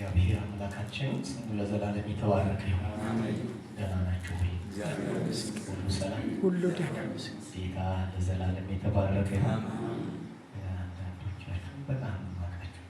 እግዚአብሔር አምላካችን ስሙ ለዘላለም የተባረከ ይሁን። ደህና ናችሁ ወይ? ሁሉ ሰላም፣ ሁሉ ጌታ ለዘላለም የተባረከ ይሁን። አንዳንዶቻችሁን በጣም የማውቃችሁ፣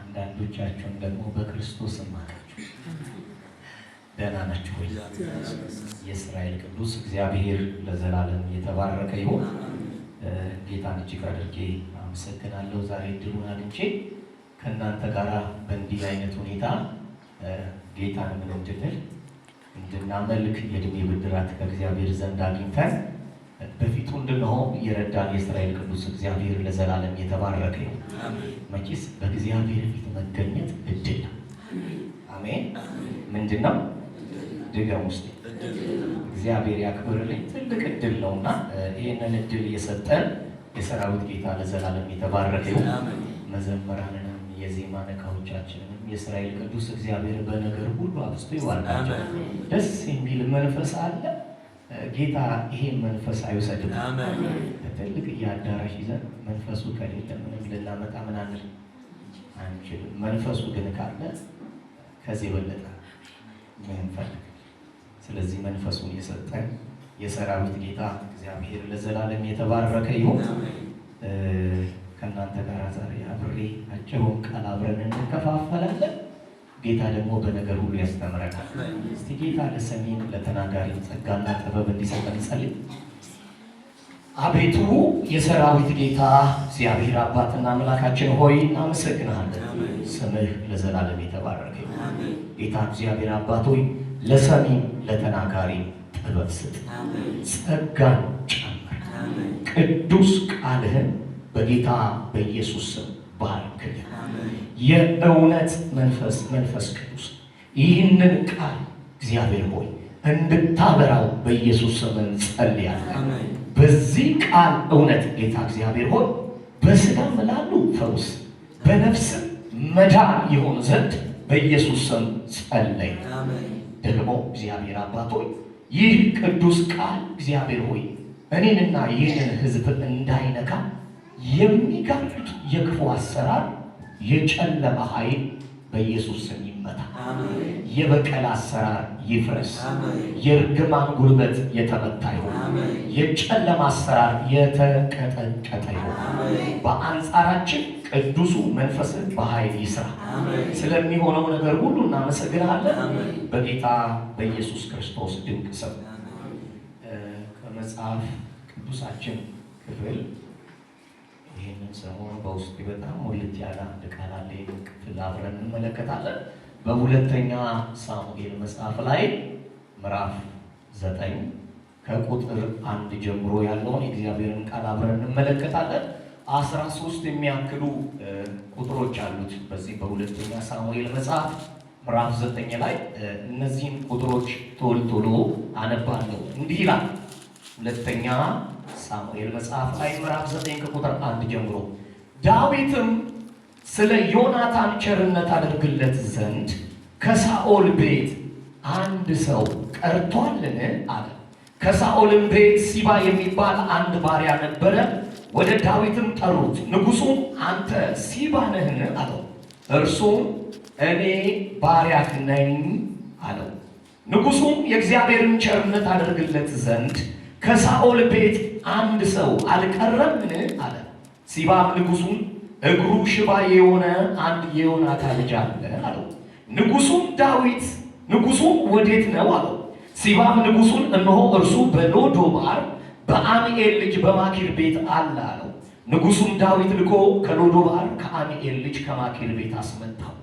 አንዳንዶቻችሁን ደግሞ በክርስቶስ የማውቃችሁ። ደህና ናችሁ ወይ? የእስራኤል ቅዱስ እግዚአብሔር ለዘላለም የተባረከ ይሁን። ጌታን እጅግ አድርጌ አመሰግናለሁ። ዛሬ ድሉን አግኝቼ ከእናንተ ጋር በእንዲህ አይነት ሁኔታ ጌታን ምን እንድንል እንድናመልክ የእድሜ ብድራት ከእግዚአብሔር ዘንድ አግኝተን በፊቱ እንድንሆ የረዳን የእስራኤል ቅዱስ እግዚአብሔር ለዘላለም የተባረከ ነው። መቼስ በእግዚአብሔር ፊት መገኘት እድል ነው። አሜን። ምንድን ነው ድገም ውስጥ እግዚአብሔር ያክብርልኝ። ትልቅ እድል ነው እና ይህንን እድል የሰጠን የሰራዊት ጌታ ለዘላለም የተባረከ ነው። መዘመራንን የዜማ ነካዎቻችንንም የእስራኤል ቅዱስ እግዚአብሔር በነገር ሁሉ አብዝቶ ይዋልናቸው። ደስ የሚል መንፈስ አለ። ጌታ ይሄን መንፈስ አይውሰድም። ትልቅ እያዳራሽ ይዘን መንፈሱ ከሌለ ምንም ልናመጣ ምን አንል አንችልም። መንፈሱ ግን ካለ ከዚህ የበለጠ ምንፈልግ። ስለዚህ መንፈሱን የሰጠን የሰራዊት ጌታ እግዚአብሔር ለዘላለም የተባረከ ይሁን። ከእናንተ ጋር ዛሬ አብሬ አጭሩን ቃል አብረን እንከፋፈላለን። ጌታ ደግሞ በነገር ሁሉ ያስተምረናል። እስቲ ጌታ ለሰሜን ለተናጋሪ ጸጋና ጥበብ እንዲሰጠን እንጸልይ። አቤቱ የሰራዊት ጌታ እግዚአብሔር አባትና አምላካችን ሆይ እናመሰግናለን። ስምህ ለዘላለም የተባረከ ጌታ እግዚአብሔር አባት ሆይ ለተናጋሪ ጥበብ ስጥ፣ ጸጋን ጨምር። ቅዱስ ቃልህን በጌታ በኢየሱስ ስም ባርክልን። የእውነት መንፈስ መንፈስ ቅዱስ ይህንን ቃል እግዚአብሔር ሆይ እንድታበራው በኢየሱስ ስም እንጸልያለን። በዚህ ቃል እውነት ጌታ እግዚአብሔር ሆይ በስጋ ምላሉ ፈውስ በነፍስም መዳን የሆነ ዘንድ በኢየሱስ ስም ጸለይ። ደግሞ እግዚአብሔር አባት ሆይ ይህ ቅዱስ ቃል እግዚአብሔር ሆይ እኔንና ይህንን ሕዝብ እንዳይነካ የሚጋጩት የክፉ አሰራር የጨለመ ኃይል በኢየሱስ ስም ይመታ። የበቀል አሰራር ይፍረስ። የእርግማን ጉልበት የተመታ ይሆን። የጨለማ አሰራር የተቀጠቀጠ ይሆን። በአንጻራችን ቅዱሱ መንፈስን በኃይል ይስራ። ስለሚሆነው ነገር ሁሉ እናመሰግናለን። በጌታ በኢየሱስ ክርስቶስ ድንቅ ስም ከመጽሐፍ ቅዱሳችን ክፍል ይህንን ሰሞን በውስጡ በጣም ሙልት ያለ አንድ ቃል አለ። ይህንን ክፍል አብረን እንመለከታለን። በሁለተኛ ሳሙኤል መጽሐፍ ላይ ምዕራፍ ዘጠኝ ከቁጥር አንድ ጀምሮ ያለውን የእግዚአብሔርን ቃል አብረን እንመለከታለን። አስራ ሶስት የሚያክሉ ቁጥሮች አሉት በዚህ በሁለተኛ ሳሙኤል መጽሐፍ ምዕራፍ ዘጠኝ ላይ እነዚህም ቁጥሮች ቶል ቶሎ አነባለሁ። እንዲህ ይላል ሁለተኛ ሳሙኤል መጽሐፍ ላይ ምዕራፍ 9 ከቁጥር 1 ጀምሮ ዳዊትም ስለ ዮናታን ቸርነት አድርግለት ዘንድ ከሳኦል ቤት አንድ ሰው ቀርቷልን? አለ። ከሳኦልም ቤት ሲባ የሚባል አንድ ባሪያ ነበረ። ወደ ዳዊትም ጠሩት። ንጉሡም አንተ ሲባ ነህን? አለው። እርሱም እኔ ባሪያህ ነኝ አለው። ንጉሡም የእግዚአብሔርን ቸርነት አድርግለት ዘንድ ከሳኦል ቤት አንድ ሰው አልቀረምን? አለ። ሲባም ንጉሱን እግሩ ሽባ የሆነ አንድ የዮናታ ልጅ አለ አለው። ንጉሡም ዳዊት ንጉሱ ወዴት ነው አለው። ሲባም ንጉሱን እነሆ እርሱ በሎዶባር በአሚኤል ልጅ በማኪር ቤት አለ አለው። ንጉሡም ዳዊት ልኮ ከሎዶባር ከአሚኤል ልጅ ከማኪር ቤት አስመጣው።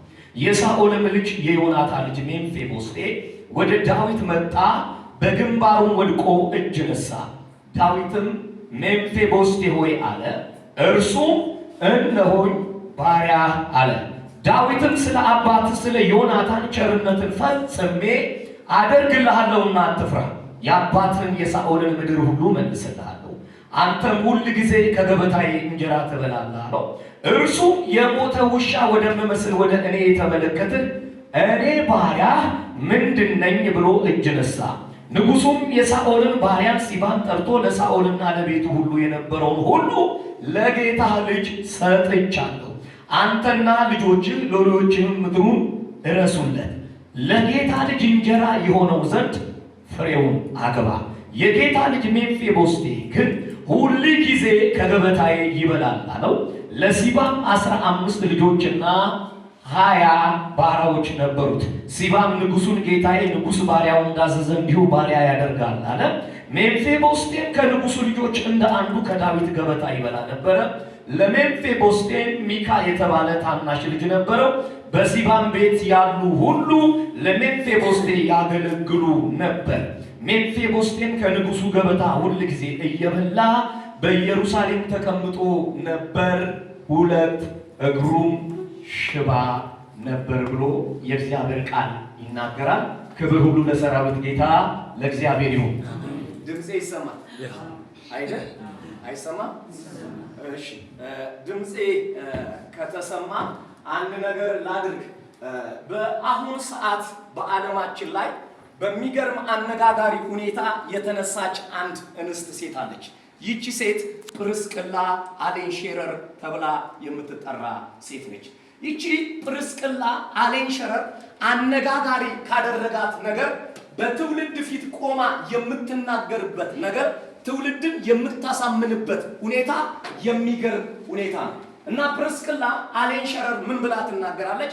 የሳኦልም ልጅ የዮናታ ልጅ ሜምፊቦስቴ ወደ ዳዊት መጣ። በግንባሩም ወድቆ እጅ ነሳ። ዳዊትም ሜምፊቦስቴ ሆይ አለ። እርሱም እነሆኝ ባሪያ አለ። ዳዊትም ስለ አባት ስለ ዮናታን ቸርነትን ፈጽሜ አደርግልሃለሁና አትፍራ፣ የአባትን የሳኦልን ምድር ሁሉ መልስልሃለሁ፣ አንተም ሁል ጊዜ ከገበታዬ እንጀራ ትበላለህ አለው። እርሱም የሞተ ውሻ ወደምመስል ወደ እኔ የተመለከትን እኔ ባሪያ ምንድን ነኝ ብሎ እጅ ነሳ። ንጉሱም የሳኦልን ባሪያ ሲባን ጠርቶ ለሳኦልና ለቤቱ ሁሉ የነበረውን ሁሉ ለጌታ ልጅ ሰጥቻለሁ። አንተና ልጆችህ ሎሌዎችህም ምድሩን እረሱለት። ለጌታ ልጅ እንጀራ የሆነው ዘንድ ፍሬውን አግባ። የጌታ ልጅ ሜምፊቦስቴ ግን ሁል ጊዜ ከገበታዬ ይበላል አለው። ለሲባም አስራ አምስት ልጆችና ሀያ ባሪያዎች ነበሩት። ሲባም ንጉሱን ጌታዬ ንጉስ ባሪያው እንዳዘዘ እንዲሁ ባሪያ ያደርጋል አለ። ሜምፊቦስቴን ከንጉሱ ልጆች እንደ አንዱ ከዳዊት ገበታ ይበላ ነበረ። ለሜምፊቦስቴን ሚካ የተባለ ታናሽ ልጅ ነበረው። በሲባም ቤት ያሉ ሁሉ ለሜምፊቦስቴ ያገለግሉ ነበር። ሜምፊቦስቴን ከንጉሱ ገበታ ሁል ጊዜ እየበላ በኢየሩሳሌም ተቀምጦ ነበር። ሁለት እግሩም ሽባ ነበር ብሎ የእግዚአብሔር ቃል ይናገራል። ክብር ሁሉ ለሰራዊት ጌታ ለእግዚአብሔር ይሁን። ድምፄ ይሰማል አይደ አይሰማ? እሺ፣ ድምፄ ከተሰማ አንድ ነገር ላድርግ። በአሁኑ ሰዓት በዓለማችን ላይ በሚገርም አነጋጋሪ ሁኔታ የተነሳች አንድ እንስት ሴት አለች። ይቺ ሴት ፕርስቅላ አሌንሼረር ተብላ የምትጠራ ሴት ነች። ይቺ ጵርስቅላ አሌን ሸረር አነጋጋሪ ካደረጋት ነገር በትውልድ ፊት ቆማ የምትናገርበት ነገር ትውልድን የምታሳምንበት ሁኔታ የሚገርም ሁኔታ ነው እና ፕርስቅላ አሌን ሸረር ምን ብላ ትናገራለች?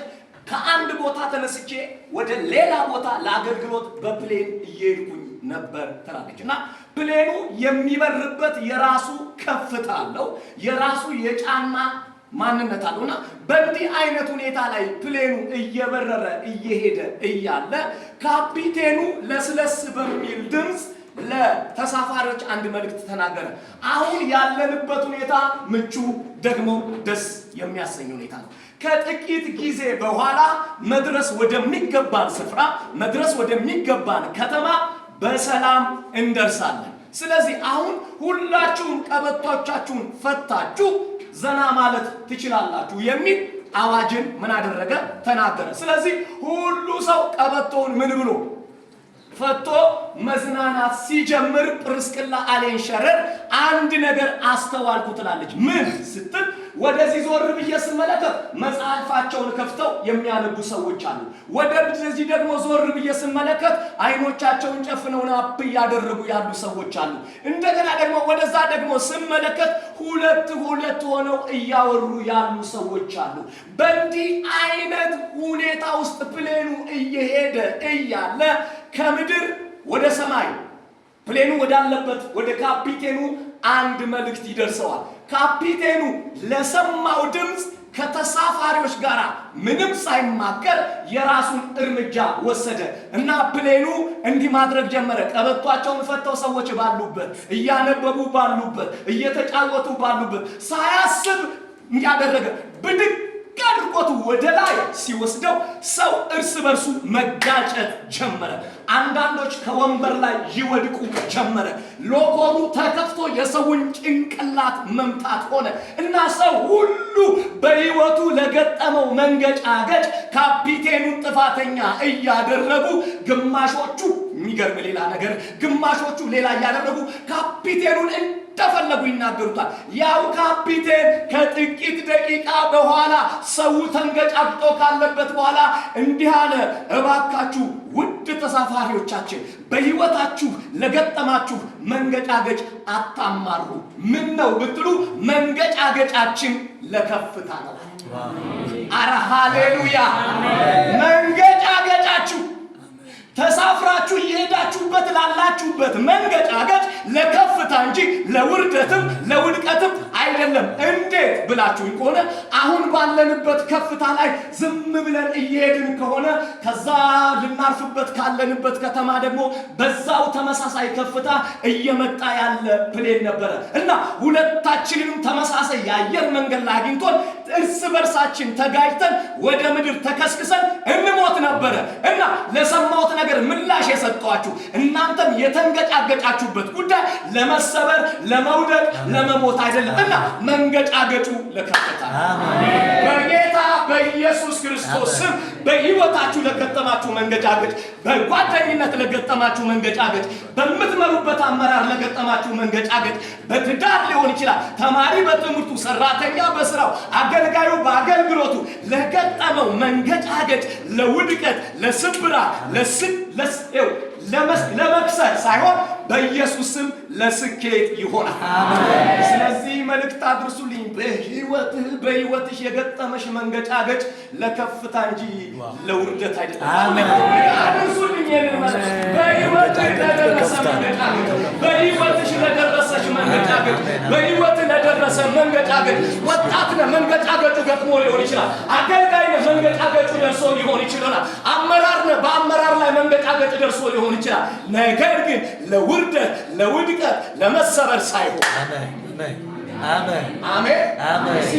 ከአንድ ቦታ ተነስቼ ወደ ሌላ ቦታ ለአገልግሎት በፕሌን እየሄድኩኝ ነበር ትላለች እና ፕሌኑ የሚበርበት የራሱ ከፍታ አለው፣ የራሱ የጫና ማንነት አለው እና በእንዲህ አይነት ሁኔታ ላይ ፕሌኑ እየበረረ እየሄደ እያለ ካፒቴኑ ለስለስ በሚል ድምፅ ለተሳፋሪዎች አንድ መልእክት ተናገረ። አሁን ያለንበት ሁኔታ ምቹ ደግሞ ደስ የሚያሰኝ ሁኔታ ነው። ከጥቂት ጊዜ በኋላ መድረስ ወደሚገባን ስፍራ መድረስ ወደሚገባን ከተማ በሰላም እንደርሳለን። ስለዚህ አሁን ሁላችሁም ቀበቶቻችሁን ፈታችሁ ዘና ማለት ትችላላችሁ የሚል አዋጅን ምን አደረገ? ተናገረ። ስለዚህ ሁሉ ሰው ቀበቶውን ምን ብሎ ፈቶ መዝናናት ሲጀምር ጵርስቅላ አሌንሸረር አንድ ነገር አስተዋልኩ ትላለች። ምን ስትል ወደዚህ ዞር ብዬ ስመለከት መጽሐፋቸውን ከፍተው የሚያነቡ ሰዎች አሉ። ወደዚህ ደግሞ ዞር ብዬ ስመለከት አይኖቻቸውን ጨፍነው ናፕ እያደረጉ ያሉ ሰዎች አሉ። እንደገና ደግሞ ወደዛ ደግሞ ስመለከት ሁለት ሁለት ሆነው እያወሩ ያሉ ሰዎች አሉ። በእንዲህ አይነት ሁኔታ ውስጥ ፕሌኑ እየሄደ እያለ ከምድር ወደ ሰማይ ፕሌኑ ወዳለበት ወደ ካፒቴኑ አንድ መልእክት ይደርሰዋል። ካፒቴኑ ለሰማው ድምፅ ከተሳፋሪዎች ጋር ምንም ሳይማከር የራሱን እርምጃ ወሰደ እና ፕሌኑ እንዲህ ማድረግ ጀመረ። ቀበቷቸውን ፈተው ሰዎች ባሉበት፣ እያነበቡ ባሉበት፣ እየተጫወቱ ባሉበት ሳያስብ እንዲያደረገ ብድግ አድርጎት ወደ ላይ ሲወስደው ሰው እርስ በርሱ መጋጨት ጀመረ። አንዳንዶች ከወንበር ላይ ይወድቁ ጀመረ። ሎኮሩ ተከፍቶ የሰውን ጭንቅላት መምታት ሆነ እና ሰው ሁሉ በሕይወቱ ለገጠመው መንገጫገጭ ካፒቴኑን ጥፋተኛ እያደረጉ ግማሾቹ የሚገርም ሌላ ነገር ግማሾቹ ሌላ እያደረጉ ካፒቴኑን እንደፈለጉ ይናገሩታል። ያው ካፒቴን ከጥቂት ደቂቃ በኋላ ሰው ተንገጫግጦ ካለበት በኋላ እንዲህ አለ፣ እባካችሁ ውድ ተሳፋሪዎቻችን በሕይወታችሁ ለገጠማችሁ መንገጫገጭ አታማሩ። ምን ነው ብትሉ መንገጫገጫችን ለከፍታ ነው። አረ ሃሌሉያ መንገ ተሳፍራችሁ እየሄዳችሁበት ላላችሁበት መንገጫገጭ ለከፍታ እንጂ ለውርደትም ለውድቀትም አይደለም። እንዴት ብላችሁኝ ከሆነ አሁን ባለንበት ከፍታ ላይ ዝም ብለን እየሄድን ከሆነ ከዛ ልናርፍበት ካለንበት ከተማ ደግሞ በዛው ተመሳሳይ ከፍታ እየመጣ ያለ ፕሌን ነበረ እና ሁለታችንንም ተመሳሳይ የአየር መንገድ ላይ አግኝቶን እርስ በርሳችን ተጋጅተን ወደ ምድር ተከስክሰን እንሞት ነበረ እና ለሰማሁት ነገር ምላሽ የሰጠኋችሁ እናንተም የተንገጫገጫችሁበት ጉዳይ ለመሰበር፣ ለመውደቅ፣ ለመሞት አይደለም እና መንገጫገጩ ለከፍታ በኢየሱስ ክርስቶስ ስም በህይወታችሁ ለገጠማችሁ መንገጫገጭ፣ በጓደኝነት ለገጠማችሁ መንገጫገጭ፣ በምትመሩበት አመራር ለገጠማችሁ መንገጫገጭ፣ በትዳር ሊሆን ይችላል፣ ተማሪ በትምህርቱ፣ ሰራተኛ በስራው፣ አገልጋዩ በአገልግሎቱ ለገጠመው መንገጫገጭ፣ ለውድቀት፣ ለስብራ፣ ለስ ለመክሰር ሳይሆን በኢየሱስም ለስኬት ይሆናል። ስለዚህ መልእክት አድርሱልኝ። በህይወትህ በህይወትሽ የገጠመሽ መንገጫ ገጭ ለከፍታ እንጂ ለውርደት አይደለም። አድርሱልኝ። በህይወትህ ለደረሰ መንገጫገጭ የደረሰ መንገጫገጭ ወጣት ነህ፣ መንገጫገጩ ገጥሞ ሊሆን ይችላል። አገልጋይ ነህ፣ መንገጫገጩ ደርሶ ሊሆን ይችላል። አመራር ነህ፣ በአመራር ላይ መንገጫገጭ ደርሶ ሊሆን ይችላል። ነገር ግን ለውርደት፣ ለውድቀት፣ ለመሰበር ሳይሆን አሜን አሜን አሜን